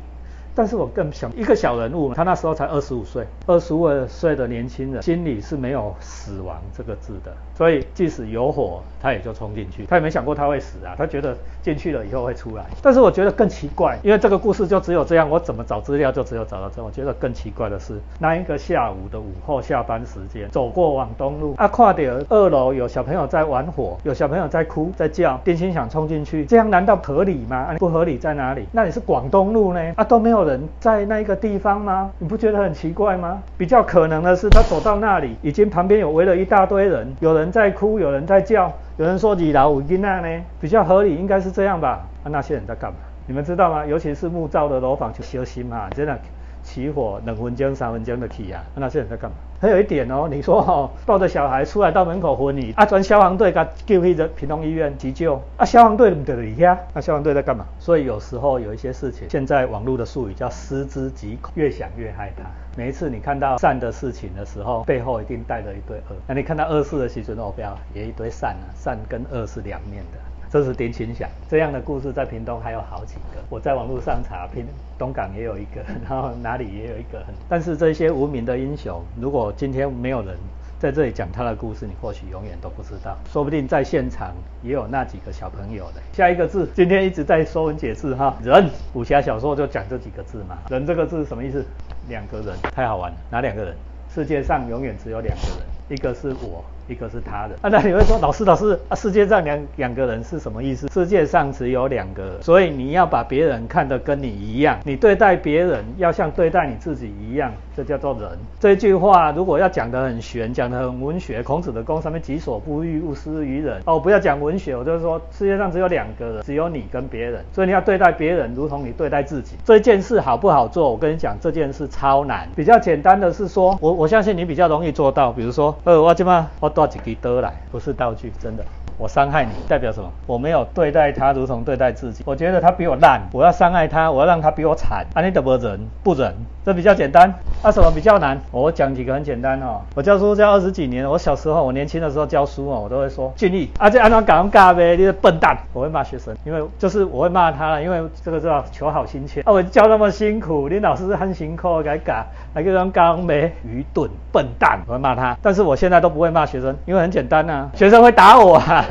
但是我更想一個小人物，他那時候才二十五歲，二十五歲的年輕人心裡是沒有死亡這個字的，所以即使有火，他也就衝進去，他也沒想過他會死啊，他覺得進去了以後會出來。但是我覺得更奇怪，因為這個故事就只有這樣，我怎麼找資料就只有找到這樣。我覺得更奇怪的是，那一個下午的午後下班時間，走過廣東路啊，跨點二樓有小朋友在玩火，有小朋友在哭在叫，電心想衝進去，這樣難道合理嗎、啊？不合理在哪裡？那裡是廣東路呢？啊，都沒有。人在那個地方嗎？你不覺得很奇怪嗎？比較可能的是，他走到那裡，已經旁邊有圍了一大堆人，有人在哭，有人在叫，有人說你老五在那呢？比較合理，應該是這樣吧？啊，那些人在幹嘛？你們知道嗎？尤其是木造的樓房去休息嘛。真的。起火，兩分鐘、三分鐘就起了啊，那那些人在幹嘛？還有一點哦，你說哈、哦，抱着小孩出來到門口呼你，啊，轉消防隊給他救去平東醫院急救，啊，消防隊不得了去啊，那消防隊在幹嘛？所以有時候有一些事情，現在網絡的術語叫“細思極恐”，越想越害怕。每一次你看到善的事情的時候，背後一定帶着一堆惡，那、啊、你看到惡事的起始圖標，也一堆善啊，善跟惡是兩面的。這是點清想，這樣的故事在屏東還有好幾個。我在網絡上查，屏東港也有一個，然後哪裡也有一個。但是這些無名的英雄，如果今天沒有人在這裡講他的故事，你或許永遠都不知道。說不定在現場也有那幾個小朋友的。下一個字，今天一直在說文解字哈，人。武俠小說就講這幾個字嘛。人這個字是什麼意思？兩個人，太好玩了。哪兩個人？世界上永遠只有兩個人，一個是我。一個是他的啊，那你會說老師，老師，啊、世界上兩兩個人是什麼意思？世界上只有兩個人，所以你要把別人看得跟你一樣，你對待別人要像對待你自己一樣，這叫做仁。這句話如果要講得很玄，講得很文學，孔子的公上面己所不欲，勿施於人。哦，不要講文學，我就是說世界上只有兩個人，只有你跟別人，所以你要對待別人如同你對待自己。這一件事好不好做？我跟你講，這件事超難。比較簡單的是說，我我相信你比較容易做到。比如說，呃，我這麼？我。帶一支刀來，不是道具，真的。我傷害你代表什麼？我沒有對待他如同對待自己。我覺得他比我爛，我要傷害他，我要讓他比我慘。啊你，你得不忍不忍這比較簡單。啊，什麼比較難？我講幾個很簡單哦。我教書教二十幾年，我小時候，我年輕的時候教書啊，我都會說“俊逸”，啊，這安怎嘎嘎唄，你是笨蛋，我會罵學生，因為就是我會罵他，因為這個叫求好心切啊。我教那麼辛苦，你老師很辛苦，嘎嘎，那個人剛唄，愚鈍，笨蛋，我會罵他。但是我現在都不會罵學生，因為很簡單啊，學生會打我啊。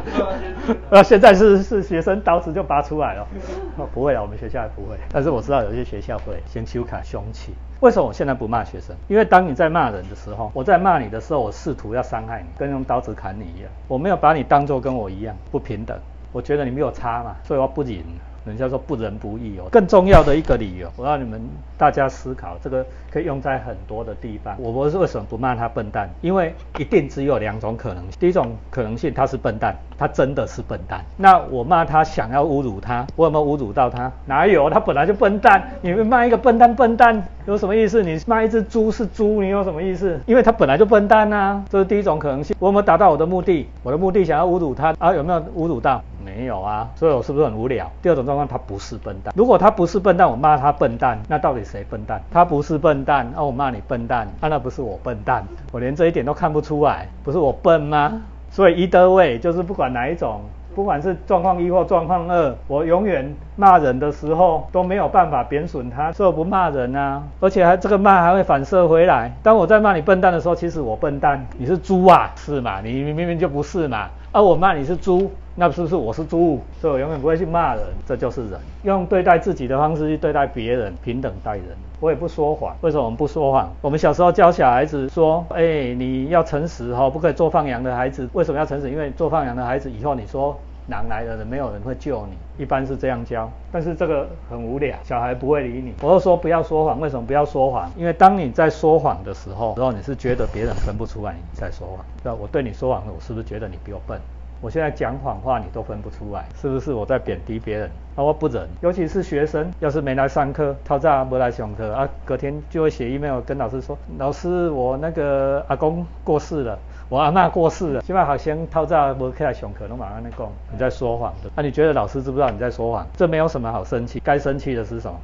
啊， 現在是是學生刀子就拔出來了， 不會啊，我們學校也不會。但是我知道有些學校會先丟卡凶器。為什麼我現在不罵學生？因為當你在罵人的時候，我在罵你的時候，我試圖要傷害你，跟用刀子砍你一樣。我沒有把你當做跟我一樣不平等，我覺得你沒有差嘛，所以我不忍。人家說不仁不義哦，更重要的一個理由，我讓你們大家思考，這個可以用在很多的地方。我不是為什麼不罵他笨蛋？因為一定只有兩種可能性。第一種可能性，他是笨蛋，他真的是笨蛋。那我罵他，想要侮辱他，我有沒有侮辱到他？哪有？他本來就笨蛋，你罵一個笨蛋笨蛋有什麼意思？你罵一隻豬是豬，你有什麼意思？因為他本來就笨蛋啊，這是第一種可能性。我有沒有達到我的目的？我的目的想要侮辱他啊，有沒有侮辱到？沒有啊，所以我是不是很無聊？第二種狀況，他不是笨蛋，如果他不是笨蛋，我罵他笨蛋，那到底誰笨蛋？他不是笨蛋，那、啊、我罵你笨蛋，那、啊、那不是我笨蛋，我連這一點都看不出來，不是我笨嗎？所以 either way，就是不管哪一種，不管是狀況一或狀況二，我永遠罵人的時候都沒有辦法貶損他，所以我不罵人啊，而且還這個罵還會反射回來，當我在罵你笨蛋的時候，其實我笨蛋，你是豬啊，是嘛？你明明明就不是嘛，啊我罵你是豬。那是不是是我是豬，所以我永遠不會去罵人，這就是人用對待自己的方式去對待別人，平等待人。我也不說謊，為什麼我們不說謊？我們小時候教小孩子說，哎、欸，你要誠實哈，不可以做放羊的孩子。為什麼要誠實？因為做放羊的孩子以後，你說狼來了，人沒有人會救你，一般是這樣教。但是這個很無聊，小孩不會理你。我都說不要說謊，為什麼不要說謊？因為當你在說謊的時候，然後你是覺得別人分不出來你在說謊。那我對你說謊了，我是不是覺得你比我笨？我現在講謊話，你都分不出來，是不是我在貶低別人？啊，我不忍，尤其是學生，要是沒來上課，逃假沒來上課，啊，隔天就會寫 email 跟老師說，老師，我那個阿公過世了，我阿嬤過世了，希望好先逃假沒去來上課，儂馬上來講，你在說謊的，那、嗯啊、你覺得老師知不知道你在說謊？這沒有什麼好生氣，該生氣的是什麼？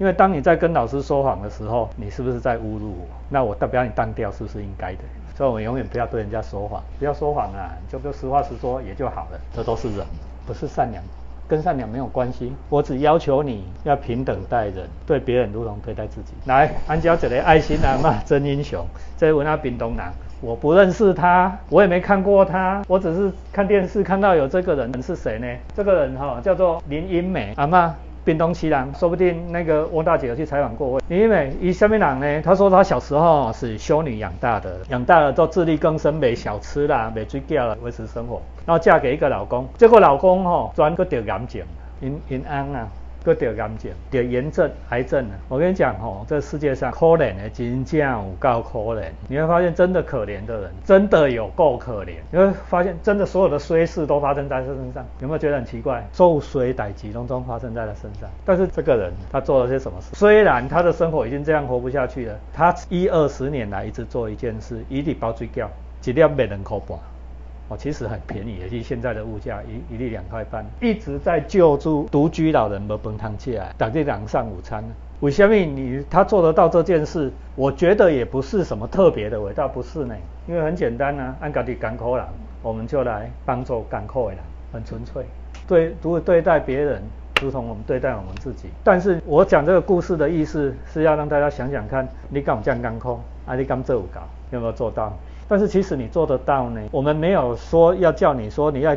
因為當你在跟老師說謊的時候，你是不是在侮辱我？那我代表你當掉是不是應該的？所以我們永遠不要對人家說謊，不要說謊啊，就就實話實說也就好了。這都是人，不是善良，跟善良沒有關係。我只要求你要平等待人，對別人如同對待自己。 來，按交這類愛心啊嘛，真英雄。這位文阿屏東男，我不認識他，我也沒看過他，我只是看電視看到有這個人，人是誰呢？這個人哈、哦、叫做林英美阿嬤。阿嬤屏東西朗，說不定那個汪大姐有去採訪過位。位因為美伊西邊呢，她說她小時候是修女養大的，養大了都自力更生賣小吃啦、賣水餃啦，維持生活。然後嫁給一個老公，這個老公吼專去得癌症，因因安啊。各得癌症，得炎症、癌症。我跟你講吼、哦,這世界上可憐的真正有夠可憐。你會發現真的可憐的人，真的有夠可憐。你會發現真的所有的衰事都發生在他身上。有沒有覺得很奇怪？受衰歹誌攏總發生在他身上。但是這個人他做了些什麼事？雖然他的生活已經這樣活不下去了，他一二十年來一直做一件事，一粒包水餃，一粒賣兩塊半。哦，其實很便宜，尤其現在的物價，一一粒兩塊半。一直在救助獨居老人沒飯湯吃啊，每天早上午餐呢？為什麼你他做得到這件事？我覺得也不是什麼特別的偉大，不是呢？因為很簡單啊，按港地港口啦，我們就來幫助港口人，很純粹。對，如果對待別人，如同我們對待我們自己。但是我講這個故事的意思是要讓大家想想看，你敢這樣港口？啊，你敢不敢這樣港，有沒有做到？有但是其實你做得到呢。我們沒有說要叫你說你要。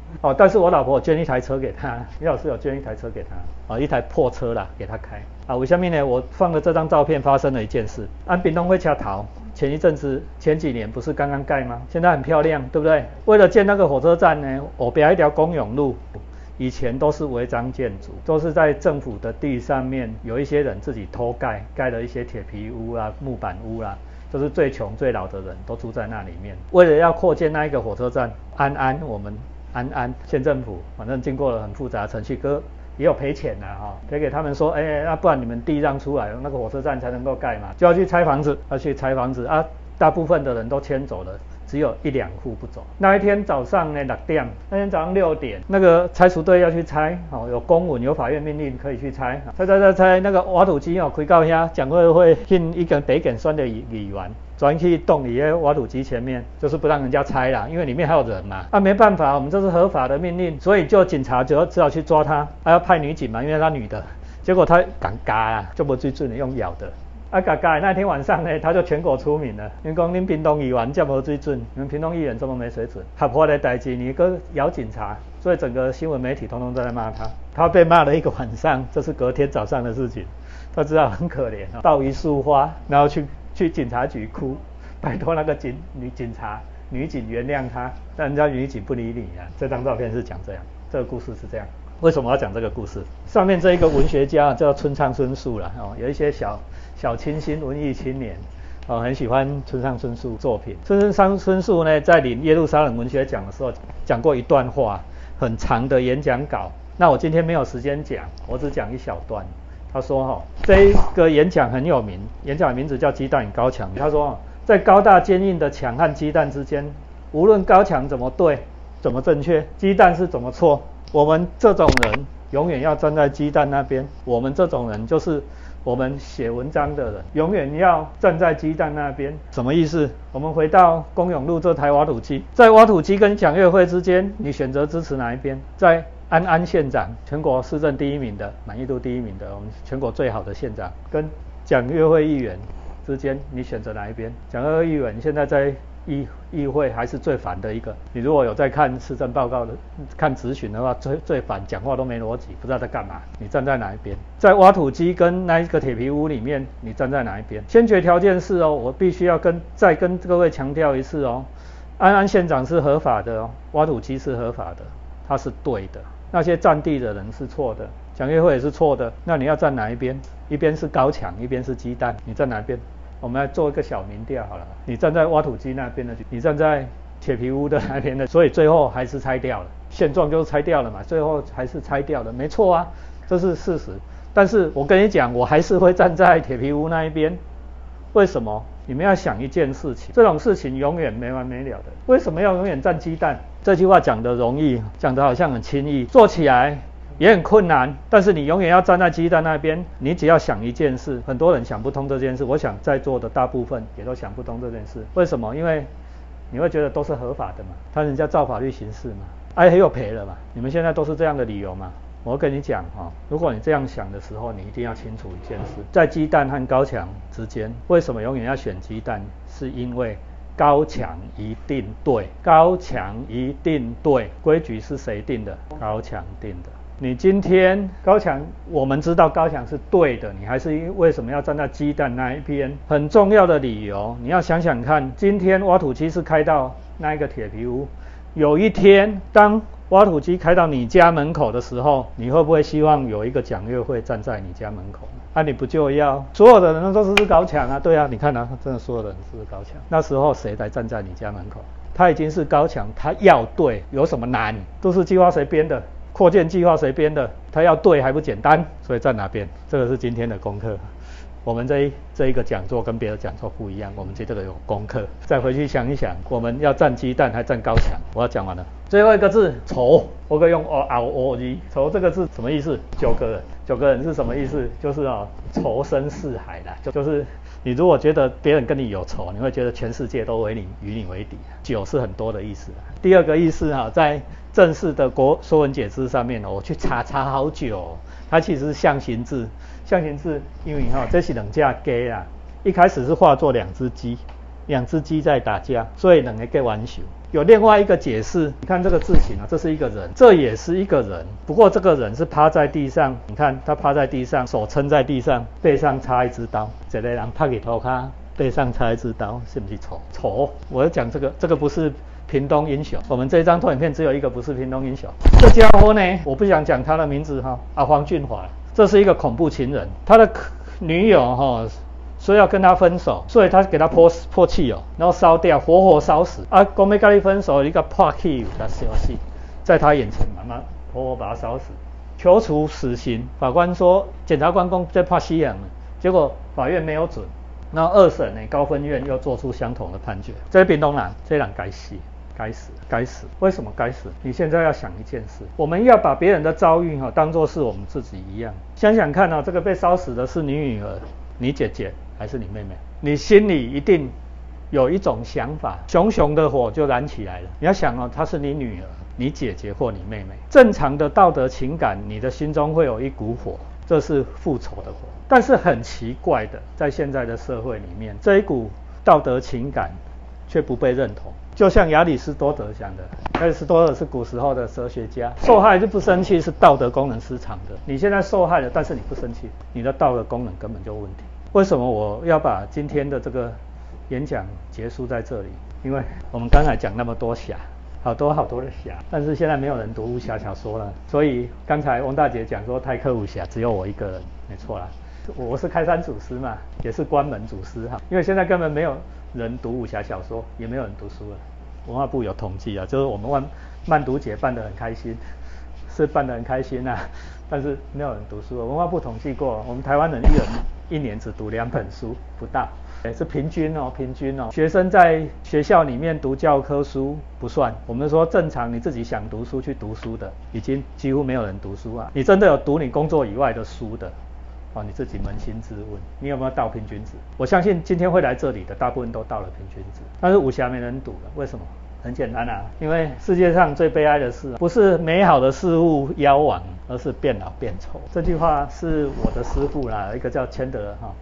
哦，但是我老婆有捐一台車給他，李老師有捐一台車給他，啊、哦，一台破車啦，給他開。啊，我下面呢，我放了這張照片，發生了一件事。安平東會橋頭，前一陣子，前幾年不是剛剛蓋嗎？現在很漂亮，對不對？為了建那個火車站呢，我標一條公勇路，以前都是違章建築，都是在政府的地上面，有一些人自己偷蓋，蓋了一些鐵皮屋啊、木板屋啦、啊，就是最窮最老的人都住在那裡面。為了要擴建那一個火車站，安安我們。安安縣政府，反正經過了很複雜的程序哥，哥也有賠錢的哈，賠給他們說，哎、欸，那、啊、不然你們地讓出來，那個火車站才能夠蓋嘛，就要去拆房子，要去拆房子啊，大部分的人都遷走了，只有一兩戶不走。那一天早上呢六點，那天早上六點，那個拆除隊要去拆，好、喔、有公文有法院命令可以去拆，拆拆拆拆，那個挖土機啊開到遐，講會會進一根北梗酸的演員。轉去洞裡，挖土機前面就是不讓人家拆啦，因為裡面還有人嘛。啊，沒辦法，我們這是合法的命令，所以就警察就要只好去抓他，還、啊、要派女警嘛，因為那女的。結果他敢嘎，這麼沒水準的，用咬的，啊嘎嘎！那天晚上呢，他就全國出名了。你講你們屏東議員這麼沒水準，你們屏東議員這麼沒水準，合法的代志你擱咬警察，所以整個新聞媒體通通都在罵他。他被罵了一個晚上，這是隔天早上的事情。他知道很可憐、哦，到一束花，然後去。去警察局哭，拜託那個警、女警察、女警原諒他，但人家女警不理你啊。這張照片是講這樣，這個故事是這樣。為什麼要講這個故事？上面這一個文學家，啊，叫村上春樹了哦，有一些小小清新文藝青年哦，很喜歡村上春樹作品。村上春樹呢，在領耶路撒冷文學獎的時候講過一段話，很長的演講稿。那我今天沒有時間講，我只講一小段。他說、哦：“哈，這一個演講很有名，演講的名字叫‘雞蛋與高牆’。他說、哦，在高大堅硬的牆和雞蛋之間，無論高牆怎麼對、怎麼正確，雞蛋是怎麼錯，我們這種人永遠要站在雞蛋那邊。我們這種人就是我們寫文章的人，永遠要站在雞蛋那邊。什麼意思？我們回到公勇路這台挖土機，在挖土機跟蔣月惠之間，你選擇支持哪一邊？”在安安縣長，全國市政第一名的，滿意度第一名的，我們全國最好的縣長，跟蔣月惠議員之間，你選擇哪一邊？蔣月惠議員現在在議議會還是最煩的一個。你如果有在看市政報告的，看質詢的話，最最煩，講話都沒邏輯，不知道在幹嘛。你站在哪一邊？在挖土機跟那一個鐵皮屋裡面，你站在哪一邊？先決條件是哦，我必須要跟再跟各位強調一次哦，安安縣長是合法的哦，挖土機是合法的，他是對的。那些占地的人是錯的，蔣經國也是錯的。那你要站哪一邊？一邊是高牆，一邊是雞蛋，你站哪一邊？我們要做一個小民調好了。你站在挖土機那邊的，你站在鐵皮屋的那邊的。所以最後還是拆掉了，現狀就是拆掉了嘛。最後還是拆掉了，沒錯啊，這是事實。但是我跟你講，我還是會站在鐵皮屋那一邊。為什麼？你們要想一件事情，這種事情永遠沒完沒了的。為什麼要永遠站雞蛋？這句話講得容易，講得好像很輕易，做起來也很困難。但是你永遠要站在雞蛋那一邊，你只要想一件事，很多人想不通這件事。我想在座的大部分也都想不通這件事。為什麼？因為你會覺得都是合法的嘛，他人家照法律行事嘛，哎，又賠了嘛。你們現在都是這樣的理由嘛？我跟你講哈、哦，如果你這樣想的時候，你一定要清楚一件事，在雞蛋和高牆之間，為什麼永遠要選雞蛋？是因為。高牆一定對，高牆一定對，規矩是誰定的？高牆定的。你今天高牆，我們知道高牆是對的，你還是因為為什麼要站在雞蛋那一邊？很重要的理由，你要想想看，今天挖土機是開到那一個鐵皮屋，有一天當。挖土機開到你家門口的時候，你會不會希望有一個蔣月惠站在你家門口？那、啊、你不就要所有的人都是是高牆啊？對啊，你看啊，真的所有人是是高牆？那時候誰來站在你家門口？他已經是高牆，他要對，有什麼難？都是計劃誰編的？擴建計劃誰編的？他要對還不簡單？所以站哪邊？這個是今天的功課。我們這一這一個講座跟別的講座不一樣，我們這這個有功課，再回去想一想，我們要站雞蛋還站高牆。我要講完了，最後一個字仇，我可以用哦啊哦一、哦、仇這個字什麼意思？九個人九個人是什麼意思？就是啊仇深似海啦，就是你如果覺得別人跟你有仇，你會覺得全世界都為你與你為敵、啊。九是很多的意思、啊。第二個意思哈、啊，在正式的國說文解字上面，我去查查好久，它其實是象形字。象形字，因為哈，這是冷架雞啊，一開始是畫作兩隻雞，兩隻雞在打架，所以冷的一個玩秀。有另外一個解釋，你看這個字形啊，這是一個人，這也是一個人，不過這個人是趴在地上。你看他趴在地上，手撐在地上，背上插一支刀，這類人怕給頭看，背上插一支刀是不是醜？醜。我要講這個，這個不是屏東英雄。我們這一張投影片只有一個不是屏東英雄，這家伙呢，我不想講他的名字哈，啊黃俊華。這是一個恐怖情人，他的女友哈、哦，所以要跟他分手，所以他給他潑、潑汽油，然後燒掉，活活燒死啊！我沒跟你分手，一個怕汽油的消息， 在他眼前，慢慢活活把他燒死，求處死刑。法官說，檢察官公最怕吸氧，結果法院沒有准。那二審呢？高分院又做出相同的判決。這是屏東人，這人該死。該死，該死！為什麼該死？你現在要想一件事，我們要把別人的遭遇哈、啊、當作是我們自己一樣，想想看啊，這個被燒死的是你女,女兒、你姐姐還是你妹妹？你心裡一定有一種想法，熊熊的火就燃起來了。你要想哦、啊，她是你女兒、你姐姐或你妹妹，正常的道德情感，你的心中會有一股火，這是復仇的火。但是很奇怪的，在現在的社會裡面，這一股道德情感卻不被認同。就像亞里士多德講的，亞里士多德是古時候的哲學家，受害就不生氣是道德功能失常的。你現在受害了，但是你不生氣，你的道德功能根本就問題。為什麼我要把今天的這個演講結束在這裡？因為我們剛才講那麼多俠，好多好多的俠，但是現在沒有人讀武俠小說了。所以剛才翁大姐講說，台客武俠只有我一個人，沒錯啦。我是開山祖師嘛，也是關門祖師哈，因為現在根本沒有。人讀武俠小說，也沒有人讀書了。文化部有統計啊，就是我們萬慢讀節辦得很開心，是辦得很開心吶、啊，但是沒有人讀書了。文化部統計過，我們台灣人一人一年只讀兩本書不到欸，是平均哦，平均哦。學生在學校裡面讀教科書不算，我們說正常，你自己想讀書去讀書的，已經幾乎沒有人讀書啊。你真的有讀你工作以外的書的？好、哦、你自己捫心自問，你有沒有到平均值？我相信今天會來這裡的大部分都到了平均值，但是武俠沒人讀了，為什麼？很簡單啊，因為世界上最悲哀的事，不是美好的事物夭亡，而是變老變醜。這句話是我的師傅啦，一個叫錢德哈、哦，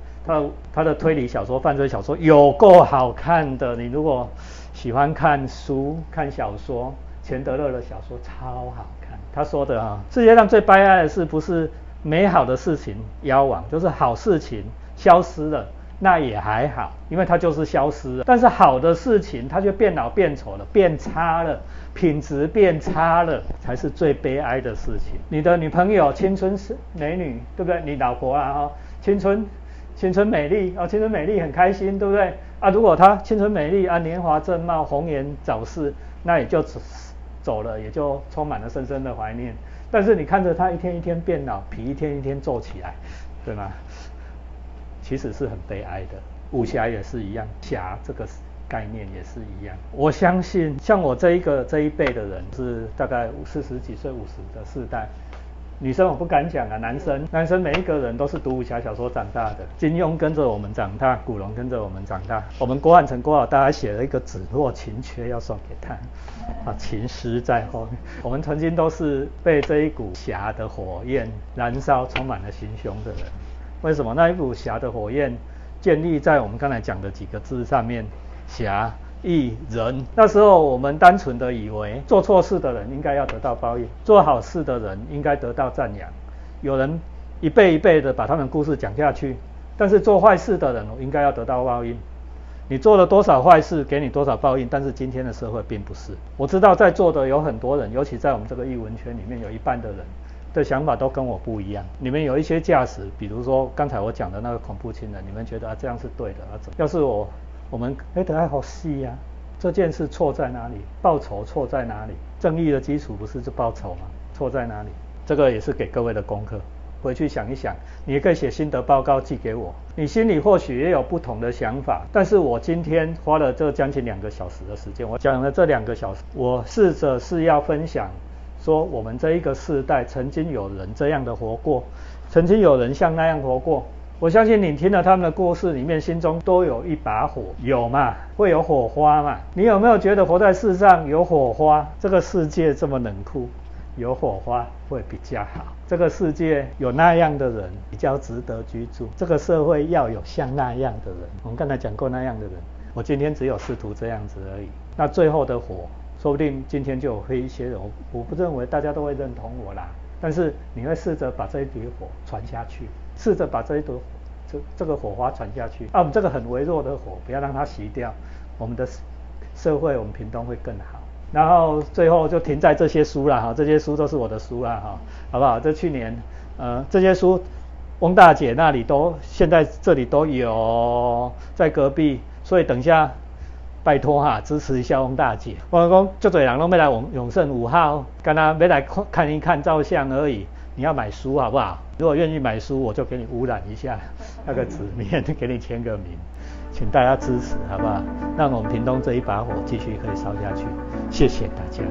他他的推理小說、犯罪小說有夠好看的。你如果喜歡看書、看小說，錢德勒的小說超好看。他說的哈、哦，世界上最悲哀的事不是。美好的事情夭亡，就是好事情消失了，那也還好，因為它就是消失了。但是好的事情它就變老變醜了，變差了，品質變差了，才是最悲哀的事情。你的女朋友青春是美女，對不對？你老婆啊哈，青春，青春美麗啊、哦，青春美麗很開心，對不對？啊，如果她青春美麗啊，年華正茂，紅顏早逝，那也就走了，也就充滿了深深的懷念。但是你看着他一天一天變老，皮一天一天皺起來，對嗎？其實是很悲哀的。武俠也是一樣，俠這個概念也是一樣。我相信，像我這一個這一輩的人，是大概四十幾歲、五十的世代。女生我不敢講啊，男生男生每一個人都是讀武俠小說長大的，金庸跟着我們長大，古龍跟着我們長大，我們郭漢城郭老大還寫了一個《紙若情缺》要送給他，啊情詩在後面，我們曾經都是被這一股俠的火焰燃燒，充滿了心胸的人。為什麼那一股俠的火焰建立在我們剛才講的幾個字上面？俠。藝人，那時候我們單純的以為做錯事的人應該要得到報應，做好事的人應該得到讚揚。有人一輩一輩的把他們故事講下去，但是做壞事的人應該要得到報應。你做了多少壞事，給你多少報應。但是今天的社會並不是。我知道在座的有很多人，尤其在我們這個藝文圈裡面，有一半的人的想法都跟我不一樣。你們有一些價值，比如說剛才我講的那個恐怖情人，你們覺得啊這樣是對的啊？要是我。我們哎，等、欸、下好戲呀，啊。這件事錯在哪裡？報仇錯在哪裡？正義的基礎不是就報仇嗎？錯在哪裡？這個也是給各位的功課，回去想一想。你也可以寫心得報告寄給我。你心裡或許也有不同的想法，但是我今天花了這將近兩個小時的時間，我講了這兩個小時，我試着是要分享，說我們這一個世代曾經有人這樣的活過，曾經有人像那樣活過。我相信你聽了他們的故事，裡面心中都有一把火，有嘛？會有火花嘛？你有沒有覺得活在世上有火花？這個世界這麼冷酷，有火花會比較好。這個世界有那樣的人，比較值得居住。這個社會要有像那樣的人。我們剛才講過那樣的人，我今天只有試圖這樣子而已。那最後的火，說不定今天就有黑一些人，我不認為大家都會認同我啦。但是你會試着把這一堆火傳下去。試着把這一朵這這個火花傳下去啊！我們這個很微弱的火，不要讓它熄掉。我們的社會，我們屏東會更好。然後最後就停在這些書了哈，這些書都是我的書了哈，好不好？這去年呃這些書翁大姐那裡都現在這裡都有在隔壁，所以等一下拜託哈支持一下翁大姐。我哥，這嘴人都沒來永，我們永勝5號剛剛沒來看看一看照相而已，你要買書好不好？如果願意買書，我就給你污染一下對那個紙面，嗯、給你簽個名，請大家支持，好不好？讓我們屏東這一把火繼續可以燒下去，謝謝大家。